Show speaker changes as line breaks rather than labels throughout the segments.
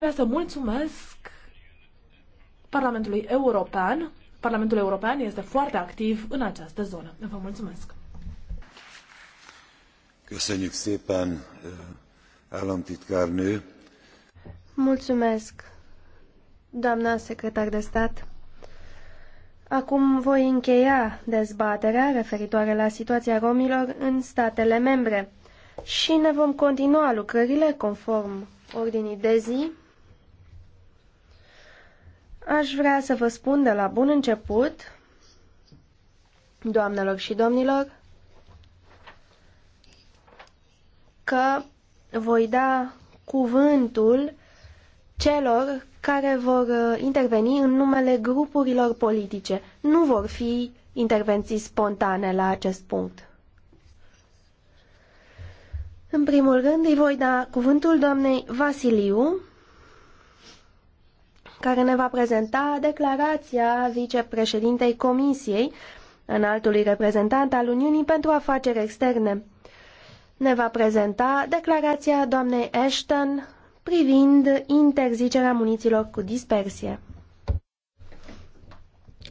Vreau să mulțumesc Parlamentului European. Parlamentul European este foarte activ în această zonă. Vă mulțumesc! Köszönjük szépen, eh, államtitkárnő!
Mulțumesc, doamna secretar de stat! Acum voi încheia dezbaterea referitoare la situația romilor în statele membre și ne vom continua lucrările conform ordinii de zi. Aș vrea să vă spun de la bun început, doamnelor și domnilor, că voi da cuvântul celor care vor uh, interveni în numele grupurilor politice. Nu vor fi intervenții spontane la acest punct. În primul rând îi voi da cuvântul doamnei Vasiliu, care ne va prezenta declarația vicepreședintei Comisiei, înaltului reprezentant al Uniunii pentru afaceri externe. Ne va prezenta declarația doamnei Ashton privind interzicerea muniților cu dispersie.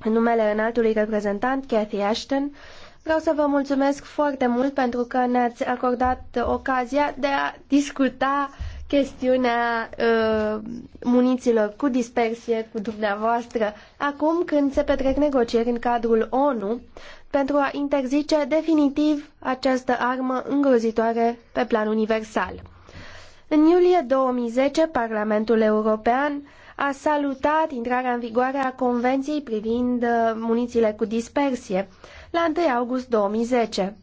În numele înaltului reprezentant, Cathy Ashton, vreau să vă mulțumesc foarte mult pentru că ne-ați acordat ocazia de a discuta uh, chestiunea uh, muniților cu dispersie cu dumneavoastră acum când se petrec negocieri în cadrul ONU pentru a interzice definitiv această armă îngrozitoare pe plan universal. În iulie 2010, Parlamentul European a salutat intrarea în vigoare a Convenției privind uh, munițiile cu dispersie la 1 august 2010.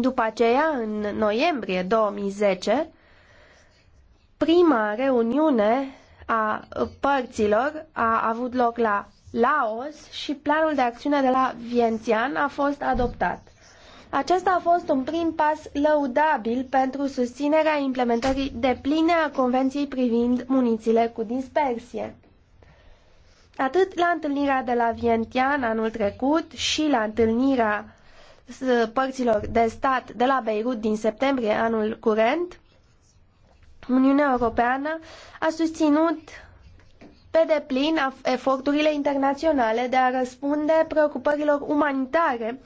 După aceea, în noiembrie 2010, Prima reuniune a părților a avut loc la Laos și planul de acțiune de la Vientian a fost adoptat. Acesta a fost un prim pas lăudabil pentru susținerea implementării de pline a Convenției privind munițiile cu dispersie. Atât la întâlnirea de la Vientian anul trecut și la întâlnirea părților de stat de la Beirut din septembrie anul curent, Uniunea Europeană a susținut pe deplin eforturile internaționale de a răspunde preocupărilor umanitare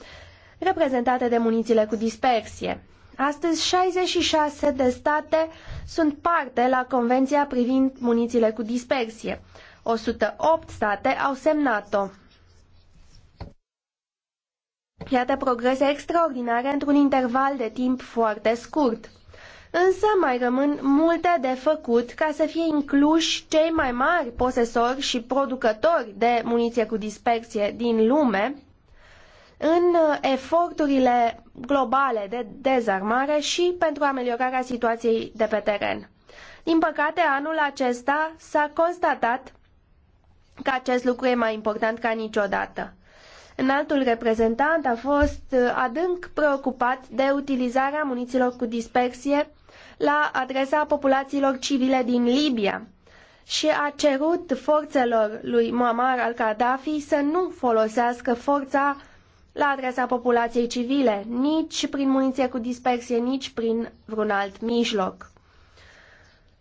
reprezentate de munițiile cu dispersie. Astăzi, 66 de state sunt parte la Convenția privind munițiile cu dispersie. 108 state au semnat-o. Iată progrese extraordinare într-un interval de timp foarte scurt însă mai rămân multe de făcut ca să fie incluși cei mai mari posesori și producători de muniție cu dispersie din lume în uh, eforturile globale de dezarmare și pentru ameliorarea situației de pe teren. Din păcate, anul acesta s-a constatat că acest lucru e mai important ca niciodată. altul reprezentant a fost uh, adânc preocupat de utilizarea muniților cu dispersie la adresa populațiilor civile din Libia și a cerut forțelor lui Muammar al-Gaddafi să nu folosească forța la adresa populației civile, nici prin muniție cu dispersie, nici prin vreun alt mijloc.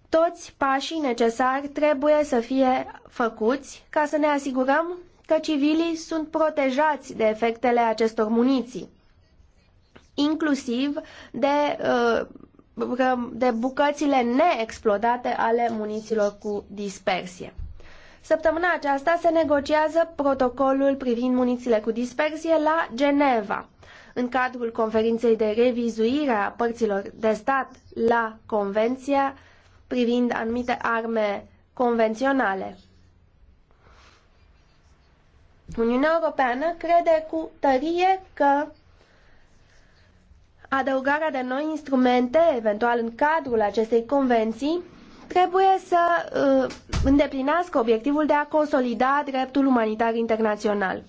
Toți pașii necesari trebuie să fie făcuți ca să ne asigurăm că civilii sunt protejați de efectele acestor muniții, inclusiv de uh, de bucățile neexplodate ale muniților cu dispersie. Săptămâna aceasta se negociază protocolul privind munițiile cu dispersie la Geneva. În cadrul conferinței de revizuire a părților de stat la Convenția privind anumite arme convenționale. Uniunea Europeană crede cu tărie că adăugarea de noi instrumente, eventual în cadrul acestei convenții, trebuie să uh, îndeplinească obiectivul de a consolida dreptul umanitar internațional.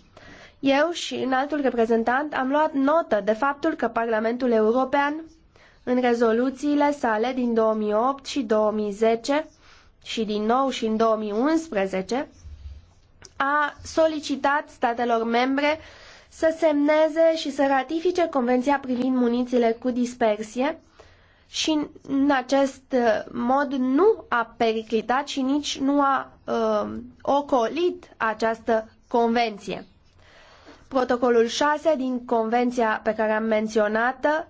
Eu și înaltul reprezentant am luat notă de faptul că Parlamentul European, în rezoluțiile sale din 2008 și 2010 și din nou și în 2011, a solicitat statelor membre uh, să semneze și să ratifice Convenția privind munițiile cu dispersie și în acest uh, mod nu a periclitat și nici nu a uh, ocolit această convenție. Protocolul 6 din convenția pe care am menționat uh,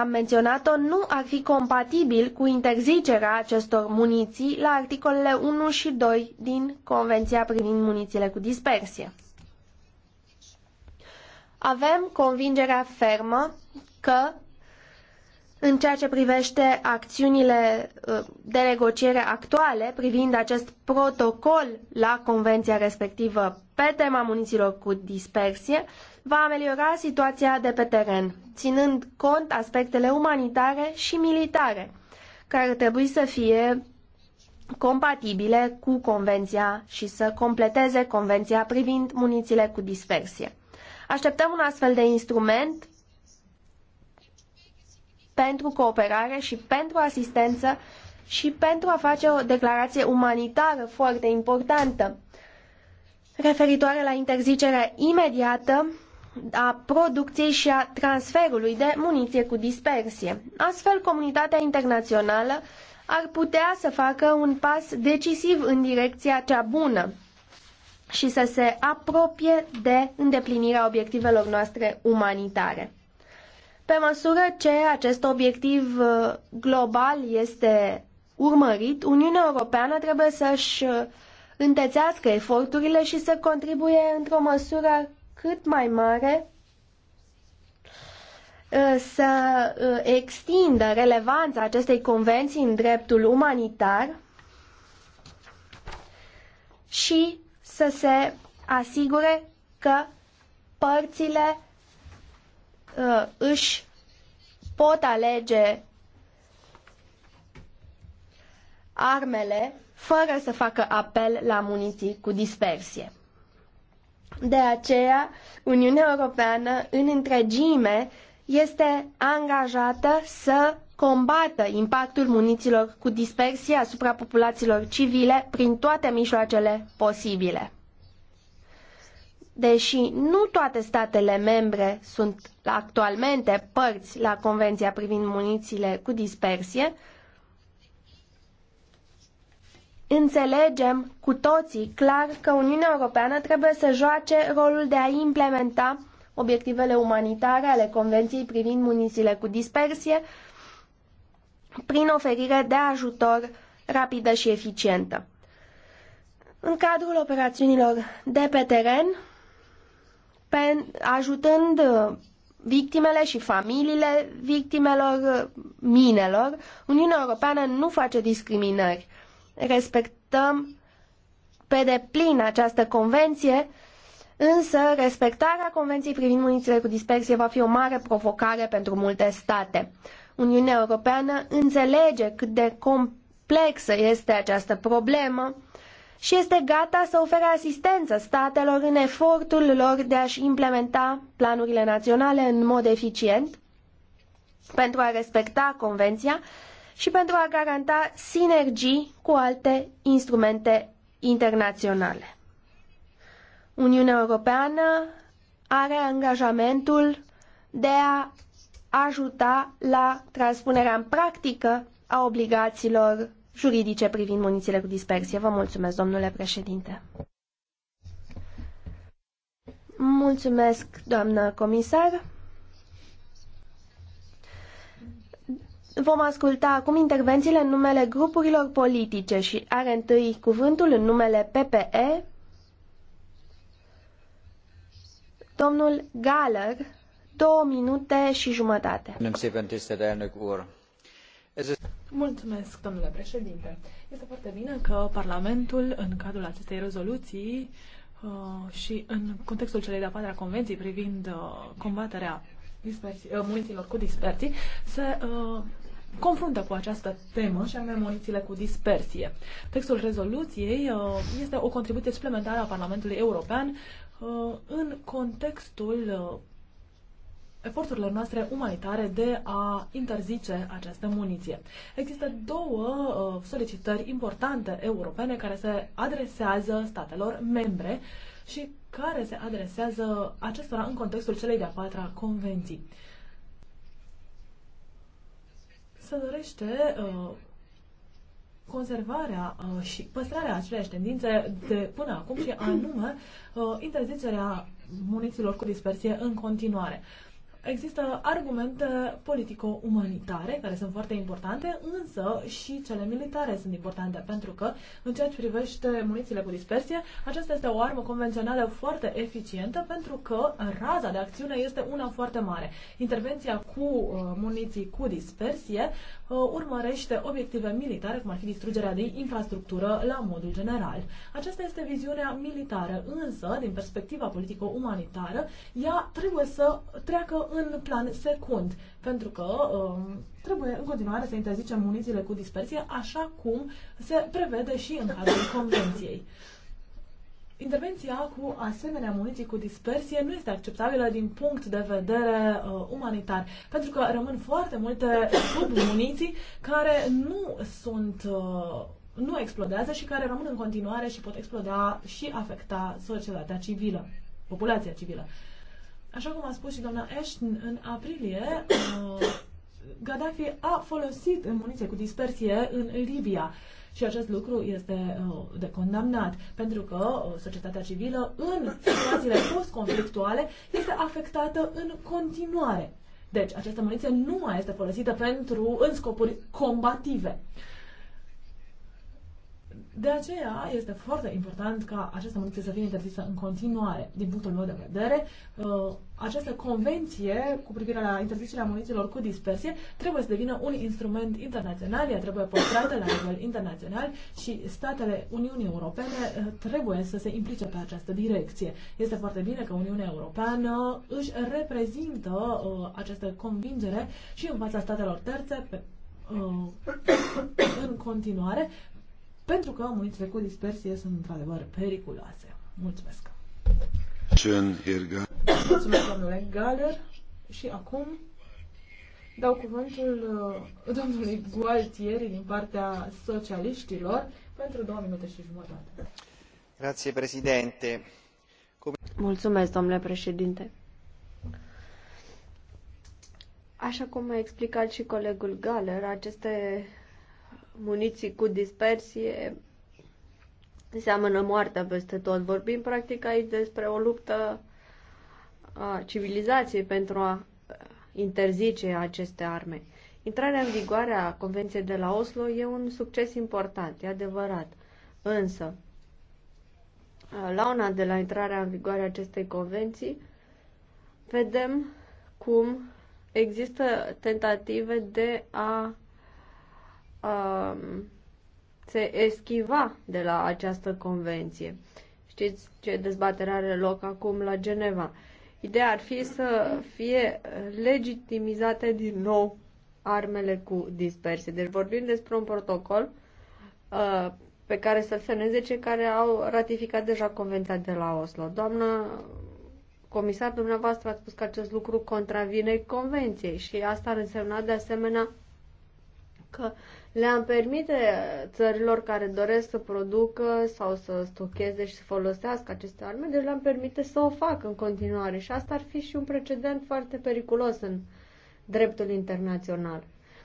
am menționat-o, nu ar fi compatibil cu interzicerea acestor muniții la articolele 1 și 2 din Convenția privind munițiile cu dispersie. Avem convingerea fermă că în ceea ce privește acțiunile uh, de negociere actuale privind acest protocol la convenția respectivă pe tema muniților cu dispersie, va ameliora situația de pe teren, ținând cont aspectele umanitare și militare, care trebuie să fie compatibile cu convenția și să completeze convenția privind munițiile cu dispersie. Așteptăm un astfel de instrument pentru cooperare și pentru asistență și pentru a face o declarație umanitară foarte importantă referitoare la interzicerea imediată a producției și a transferului de muniție cu dispersie. Astfel, comunitatea internațională ar putea să facă un pas decisiv în direcția cea bună și să se apropie de îndeplinirea obiectivelor noastre umanitare. Pe măsură ce acest obiectiv uh, global este urmărit, Uniunea Europeană trebuie să-și uh, întețească eforturile și să contribuie într-o măsură cât mai mare uh, să extindă relevanța acestei convenții în dreptul umanitar și să se asigure că părțile uh, își pot alege armele fără să facă apel la muniții cu dispersie. De aceea, Uniunea Europeană în întregime este angajată să combată impactul muniților cu dispersie asupra populațiilor civile prin toate mijloacele posibile. Deși nu toate statele membre sunt actualmente părți la Convenția privind munițiile cu dispersie, înțelegem cu toții clar că Uniunea Europeană trebuie să joace rolul de a implementa obiectivele umanitare ale Convenției privind munițiile cu dispersie, prin oferire de ajutor rapidă și eficientă. În cadrul operațiunilor de pe teren, pe, ajutând victimele și familiile victimelor minelor, Uniunea Europeană nu face discriminări. Respectăm pe deplin această convenție, însă respectarea convenției privind munițiile cu dispersie va fi o mare provocare pentru multe state. Uniunea Europeană înțelege cât de complexă este această problemă și este gata să ofere asistență statelor în efortul lor de a-și implementa planurile naționale în mod eficient pentru a respecta convenția și pentru a garanta sinergii cu alte instrumente internaționale. Uniunea Europeană are angajamentul de a ajuta la transpunerea în practică a obligațiilor juridice privind munițiile cu dispersie. Vă mulțumesc, domnule președinte. Mulțumesc, doamnă comisar. Vom asculta acum intervențiile în numele grupurilor politice și are întâi cuvântul în numele PPE domnul Galer două minute și jumătate.
Mulțumesc, domnule președinte. Este foarte bine că Parlamentul, în cadrul acestei rezoluții uh, și în contextul celei de-a patra convenții privind uh, combaterea dispersii, uh, muniților cu dispersii, se uh, confruntă cu această temă și anume munițiile cu dispersie. Textul rezoluției uh, este o contribuție suplimentară a Parlamentului European uh, în contextul eforturile noastre umanitare de a interzice această muniție. Există două uh, solicitări importante europene care se adresează statelor membre și care se adresează acestora în contextul celei de-a patra convenții. Se dorește uh, conservarea uh, și păstrarea aceleași tendințe de până acum și anume interzicerea muniților cu dispersie în continuare există argumente politico-umanitare care sunt foarte importante, însă și cele militare sunt importante pentru că în ceea ce privește munițiile cu dispersie, aceasta este o armă convențională foarte eficientă pentru că raza de acțiune este una foarte mare. Intervenția cu uh, muniții cu dispersie Uh, urmărește obiective militare, cum ar fi distrugerea de infrastructură la modul general. Aceasta este viziunea militară, însă, din perspectiva politico-umanitară, ea trebuie să treacă în plan secund, pentru că um, trebuie în continuare să interzicem munițiile cu dispersie, așa cum se prevede și în cadrul Convenției. Intervenția cu asemenea muniții cu dispersie nu este acceptabilă din punct de vedere uh, umanitar, pentru că rămân foarte multe submuniții care nu sunt uh, nu explodează și care rămân în continuare și pot exploda și afecta societatea civilă, populația civilă. Așa cum a spus și doamna Ashton, în aprilie uh, Gaddafi a folosit în muniție cu dispersie în Libia. Uh, și acest lucru este uh, de condamnat, pentru că uh, societatea civilă în situațiile post-conflictuale este afectată în continuare. Deci, această muniție nu mai este folosită pentru, în scopuri combative. De aceea este foarte important ca această muniție să fie interzisă în continuare. Din punctul meu de vedere, uh, această convenție cu privire la interzicerea munițiilor cu dispersie trebuie să devină un instrument internațional, ea trebuie păstrată la nivel internațional și statele Uniunii Europene uh, trebuie să se implice pe această direcție. Este foarte bine că Uniunea Europeană își reprezintă uh, această convingere și în fața statelor terțe pe, în continuare pentru că munițele cu dispersie sunt într-adevăr periculoase. Mulțumesc! Mulțumesc, domnule Galer. Și acum dau cuvântul uh, domnului Gualtieri din partea socialiștilor pentru două minute și jumătate.
Grazie, președinte. Mulțumesc,
domnule președinte. Așa cum a explicat și colegul Galer, aceste muniții cu dispersie seamănă moartea peste tot. Vorbim practic aici despre o luptă a civilizației pentru a uh, interzice aceste arme. Intrarea în vigoare a Convenției de la Oslo e un succes important, e adevărat. Însă, uh, la una de la intrarea în vigoare a acestei convenții, vedem cum există tentative de a um, se eschiva de la această convenție. Știți ce dezbatere are loc acum la Geneva. Ideea ar fi să fie legitimizate din nou armele cu dispersie. Deci vorbim despre un protocol uh, pe care să-l semneze cei care au ratificat deja convenția de la Oslo. Doamnă comisar, dumneavoastră a spus că acest lucru contravine convenției și asta ar însemna de asemenea că le-am permite țărilor care doresc să producă sau să stocheze și să folosească aceste arme, deci le-am permite să o facă în continuare și asta ar fi și un precedent foarte periculos în dreptul internațional.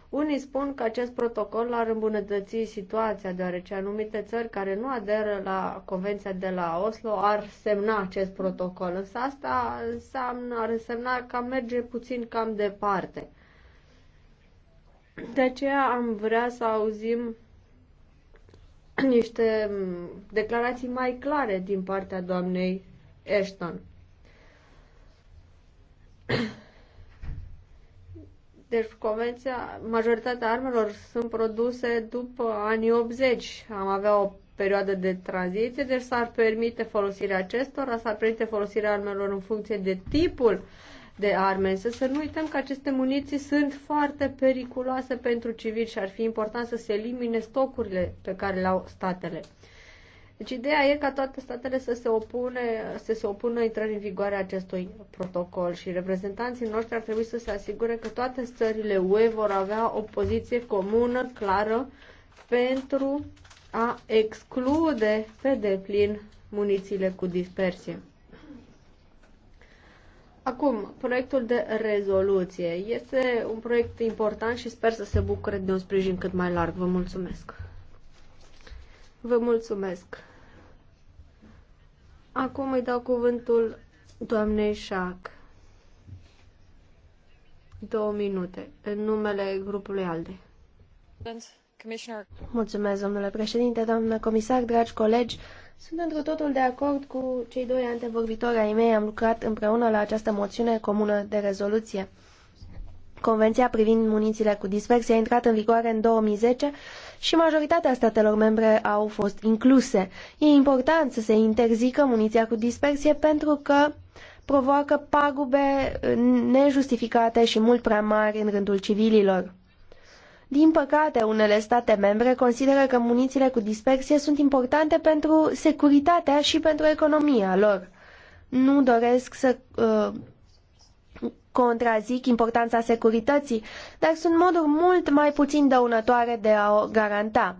Unii spun că acest protocol ar îmbunătăți situația, deoarece anumite țări care nu aderă la Convenția de la Oslo ar semna acest protocol, însă asta înseamnă, ar însemna că merge puțin cam departe. De aceea am vrea să auzim niște declarații mai clare din partea doamnei Ashton. Deci, convenția, majoritatea armelor sunt produse după anii 80. Am avea o perioadă de tranziție, deci s-ar permite folosirea acestora, s-ar permite folosirea armelor în funcție de tipul uh, de arme, însă să nu uităm că aceste muniții sunt foarte periculoase pentru civili și ar fi important să se elimine stocurile pe care le au statele. Deci ideea e ca toate statele să se, opune, să se opună intrării în vigoare a acestui protocol și reprezentanții noștri ar trebui să se asigure că toate țările UE vor avea o poziție comună, clară, pentru a exclude pe deplin munițiile cu dispersie. Acum, proiectul de rezoluție este un proiect important și sper să se bucure de un sprijin cât mai larg. Vă mulțumesc. Vă mulțumesc. Acum îi dau cuvântul doamnei Șac. Două minute, în numele
grupului ALDE. Mulțumesc, domnule președinte, doamnă comisar, dragi colegi. Sunt într totul de acord cu cei doi antevorbitori ai mei. Am lucrat împreună la această moțiune comună de rezoluție. Convenția privind munițiile cu dispersie a intrat în vigoare în 2010 și majoritatea statelor membre au fost incluse. E important să se interzică muniția cu dispersie pentru că provoacă pagube nejustificate și mult prea mari în rândul civililor. Din păcate, unele state membre consideră că munițiile cu dispersie sunt importante pentru securitatea și pentru economia lor. Nu doresc să uh, contrazic importanța securității, dar sunt moduri mult mai puțin dăunătoare de a o garanta.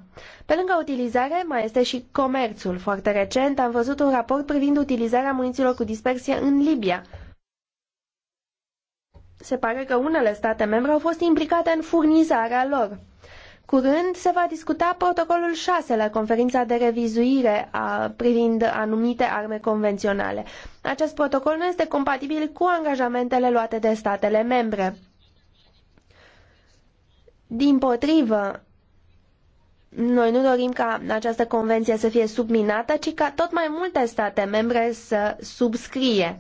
Pe lângă utilizare, mai este și comerțul. Foarte recent am văzut un raport privind utilizarea muniților cu dispersie în Libia, se pare că unele state membre au fost implicate în furnizarea lor. Curând se va discuta protocolul 6 la conferința de revizuire a, privind anumite arme convenționale. Acest protocol nu este compatibil cu angajamentele luate de statele membre. Din potrivă, noi nu dorim ca această convenție să fie subminată, ci ca tot mai multe state membre să subscrie.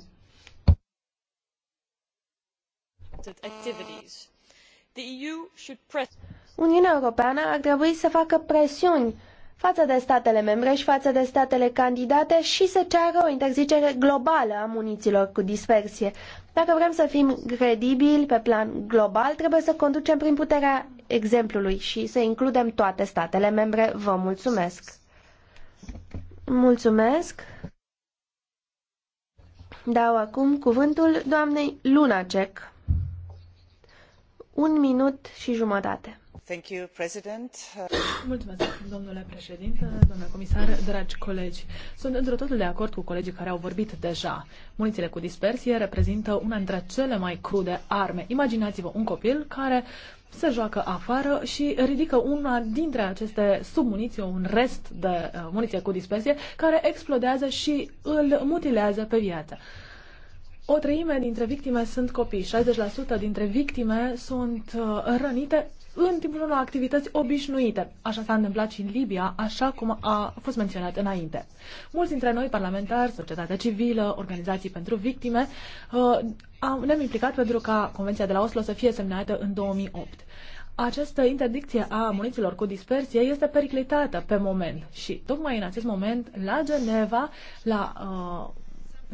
related activities. The EU should press
Uniunea Europeană ar trebui să facă presiuni față de statele membre și față de statele candidate și să ceară o interzicere globală a muniților cu dispersie. Dacă vrem să fim credibili pe plan global, trebuie să conducem prin puterea exemplului și să includem toate statele membre. Vă mulțumesc! Mulțumesc! Dau acum cuvântul doamnei Lunacek. Un minut
și jumătate. Thank you, President. Mulțumesc, domnule președinte, domnule comisar, dragi colegi. Sunt într totul de acord cu colegii care au vorbit deja. Munițiile cu dispersie reprezintă una dintre cele mai crude arme. Imaginați-vă un copil care se joacă afară și ridică una dintre aceste submuniții, un rest de uh, muniție cu dispersie, care explodează și îl mutilează pe viață. O treime dintre victime sunt copii, 60% dintre victime sunt uh, rănite în timpul unor activități obișnuite. Așa s-a întâmplat și în Libia, așa cum a fost menționat înainte. Mulți dintre noi, parlamentari, societatea civilă, organizații pentru victime, uh, ne-am implicat pentru ca Convenția de la Oslo să fie semnată în 2008. Această interdicție a muniților cu dispersie este periclitată pe moment și tocmai în acest moment la Geneva, la uh,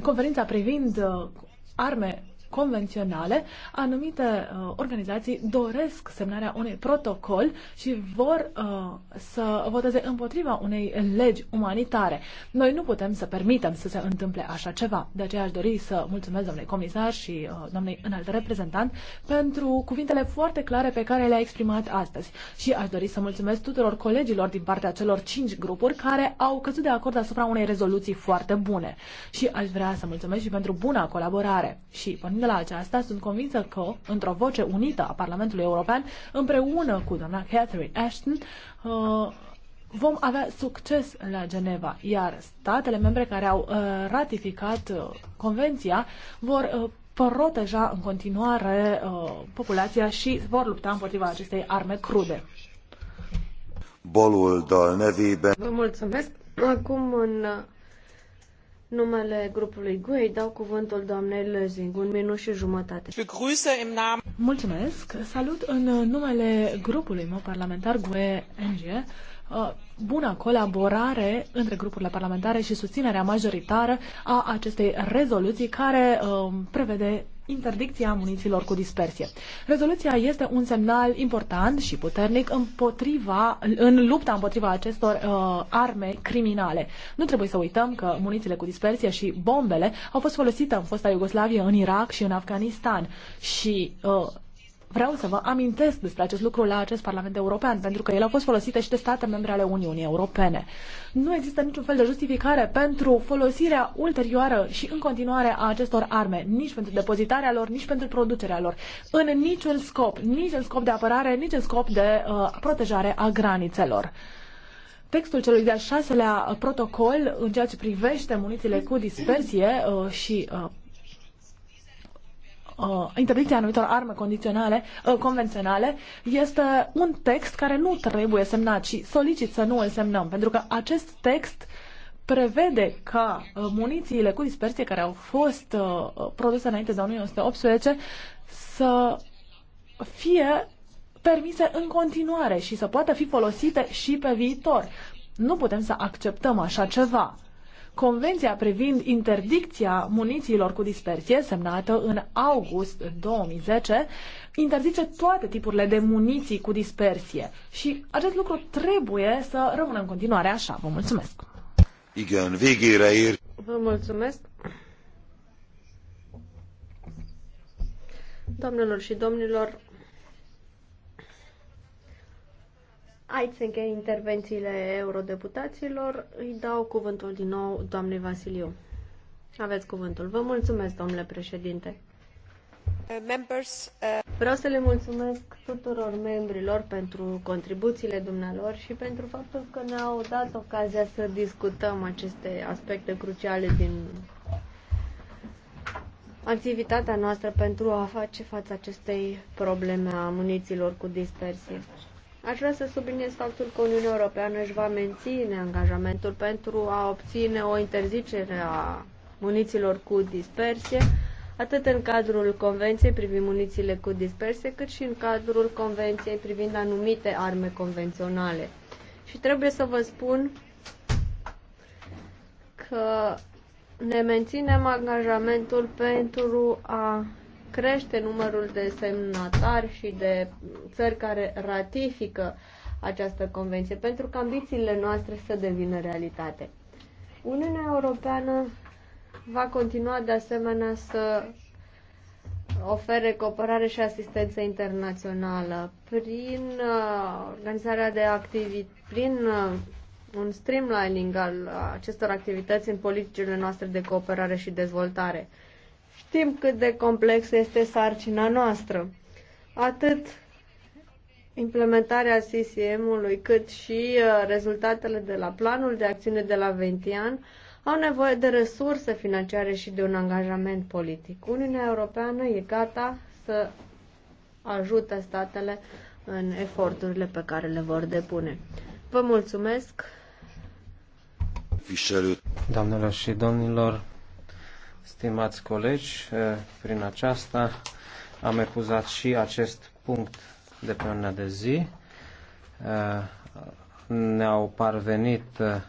conferința privind uh, arme convenționale, anumite uh, organizații doresc semnarea unui protocol și vor uh, să voteze împotriva unei legi umanitare. Noi nu putem să permitem să se întâmple așa ceva. De aceea aș dori să mulțumesc domnului comisar și uh, domnului înalt reprezentant pentru cuvintele foarte clare pe care le-a exprimat astăzi. Și aș dori să mulțumesc tuturor colegilor din partea celor cinci grupuri care au căzut de acord asupra unei rezoluții foarte bune. Și aș vrea să mulțumesc și pentru buna colaborare. Și până de la aceasta, sunt convinsă că, într-o voce unită a Parlamentului European, împreună cu doamna Catherine Ashton, uh, vom avea succes la Geneva, iar statele membre care au uh, ratificat uh, convenția vor uh, proteja în continuare uh, populația și vor lupta împotriva acestei arme crude. Bolul de Vă
mulțumesc. Acum în numele grupului GUE dau cuvântul
doamnei Lezing, un minut și jumătate. Mulțumesc! Salut în numele grupului meu parlamentar GUE NG uh, bună colaborare între grupurile parlamentare și susținerea majoritară a acestei rezoluții care uh, prevede interdicția muniților cu dispersie. Rezoluția este un semnal important și puternic împotriva, în lupta împotriva acestor uh, arme criminale. Nu trebuie să uităm că munițiile cu dispersie și bombele au fost folosite în fosta Iugoslavie, în Irak și în Afganistan și uh, vreau să vă amintesc despre acest lucru la acest Parlament European, pentru că ele au fost folosite și de state membre ale Uniunii Europene. Nu există niciun fel de justificare pentru folosirea ulterioară și în continuare a acestor arme, nici pentru depozitarea lor, nici pentru producerea lor, în niciun scop, nici în scop de apărare, nici în scop de uh, protejare a granițelor. Textul celui de-al șaselea protocol în ceea ce privește munițiile cu dispersie uh, și uh, uh, interdicția anumitor arme condiționale, uh, convenționale este un text care nu trebuie semnat și solicit să nu îl semnăm, pentru că acest text prevede ca uh, munițiile cu dispersie care au fost uh, produse înainte de 1918 să fie permise în continuare și să poată fi folosite și pe viitor. Nu putem să acceptăm așa ceva. Convenția privind interdicția munițiilor cu dispersie, semnată în august 2010, interzice toate tipurile de muniții cu dispersie și acest lucru trebuie să rămână în continuare așa. Vă mulțumesc! Igen, végére ér. Vă mulțumesc!
Doamnelor și domnilor, Aici să încheie intervențiile eurodeputaților. Îi dau cuvântul din nou doamnei Vasiliu. Aveți cuvântul. Vă mulțumesc, domnule președinte. Uh, uh, Vreau să le mulțumesc tuturor membrilor pentru contribuțiile dumnealor și pentru faptul că ne-au dat ocazia să discutăm aceste aspecte cruciale din activitatea noastră pentru a face față acestei probleme a muniților cu dispersie. Aș vrea să subliniez faptul că Uniunea Europeană își va menține angajamentul pentru a obține o interzicere a muniților cu dispersie, atât în cadrul Convenției privind munițiile cu dispersie, cât și în cadrul Convenției privind anumite arme convenționale. Și trebuie să vă spun că ne menținem angajamentul pentru a crește numărul de semnatari și de țări care ratifică această convenție, pentru că ambițiile noastre să devină realitate. Uniunea Europeană va continua de asemenea să ofere cooperare și asistență internațională prin uh, organizarea de activități, prin uh, un streamlining al acestor activități în politicile noastre de cooperare și dezvoltare. Știm cât de complexă este sarcina noastră. Atât implementarea CCM-ului, cât și uh, rezultatele de la planul de acțiune de la Ventian au nevoie de resurse financiare și de un angajament politic. Uniunea Europeană e gata să ajute statele în eforturile pe care le vor depune. Vă mulțumesc! Doamnelor și domnilor, Stimați colegi, eh, prin aceasta am epuzat și acest punct de pe ordinea de zi. Eh, ne-au parvenit eh,